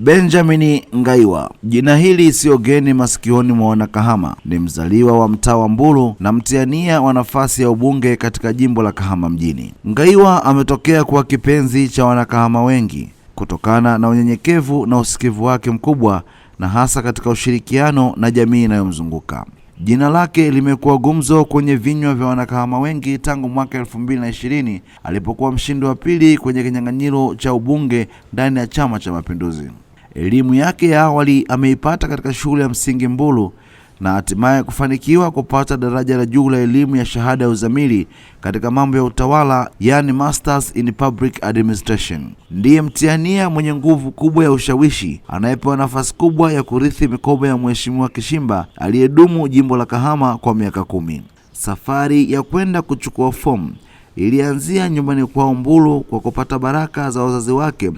Benjamin Ngaiwa, jina hili siyo geni masikioni mwa Wanakahama. Ni mzaliwa wa mtaa wa Mbulu na mtiania wa nafasi ya ubunge katika jimbo la Kahama Mjini. Ngaiwa ametokea kuwa kipenzi cha Wanakahama wengi kutokana na unyenyekevu na usikivu wake mkubwa, na hasa katika ushirikiano na jamii inayomzunguka. Jina lake limekuwa gumzo kwenye vinywa vya wanakahama wengi tangu mwaka elfu mbili na ishirini alipokuwa mshindi wa pili kwenye kinyang'anyiro cha ubunge ndani ya Chama cha Mapinduzi. Elimu yake ya awali ameipata katika shule ya msingi Mbulu na hatimaye kufanikiwa kupata daraja la juu la elimu ya shahada ya uzamili katika mambo ya utawala, yani Masters in Public Administration. Ndiye mtiania mwenye nguvu kubwa ya ushawishi anayepewa nafasi kubwa ya kurithi mikoba ya Mheshimiwa Kishimba aliyedumu jimbo la Kahama kwa miaka kumi. Safari ya kwenda kuchukua fomu ilianzia nyumbani kwao Mbulu kwa kupata baraka za wazazi wake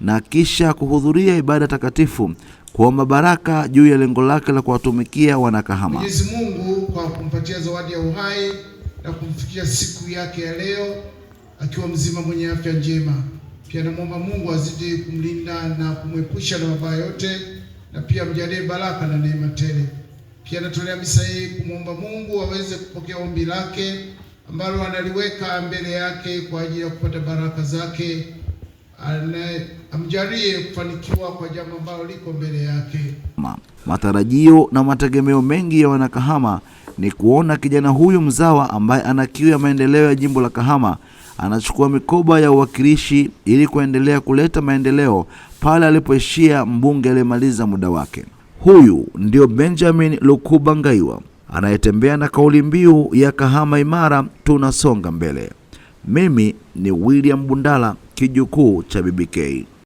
na kisha kuhudhuria ibada takatifu kuomba baraka juu ya lengo lake la kuwatumikia Wanakahama. Mwenyezi Mungu kwa kumpatia zawadi ya uhai na kumfikia siku yake ya leo akiwa mzima mwenye afya njema. Pia namwomba Mungu azidi kumlinda na kumwepusha na mabaya yote, na pia mjalie baraka na neema tele. Pia natolea misa hii kumwomba Mungu aweze kupokea ombi lake ambalo analiweka mbele yake kwa ajili ya kupata baraka zake amjalie kufanikiwa kwa jambo ambalo liko mbele yake. Matarajio na mategemeo mengi ya Wanakahama ni kuona kijana huyu mzawa ambaye ana kiu ya maendeleo ya jimbo la Kahama anachukua mikoba ya uwakilishi ili kuendelea kuleta maendeleo pale alipoishia mbunge aliyemaliza muda wake. Huyu ndio Benjamin Lukuba Ngaiwa anayetembea na kauli mbiu ya Kahama Imara tunasonga mbele. Mimi ni William Bundala kijukuu cha BBK.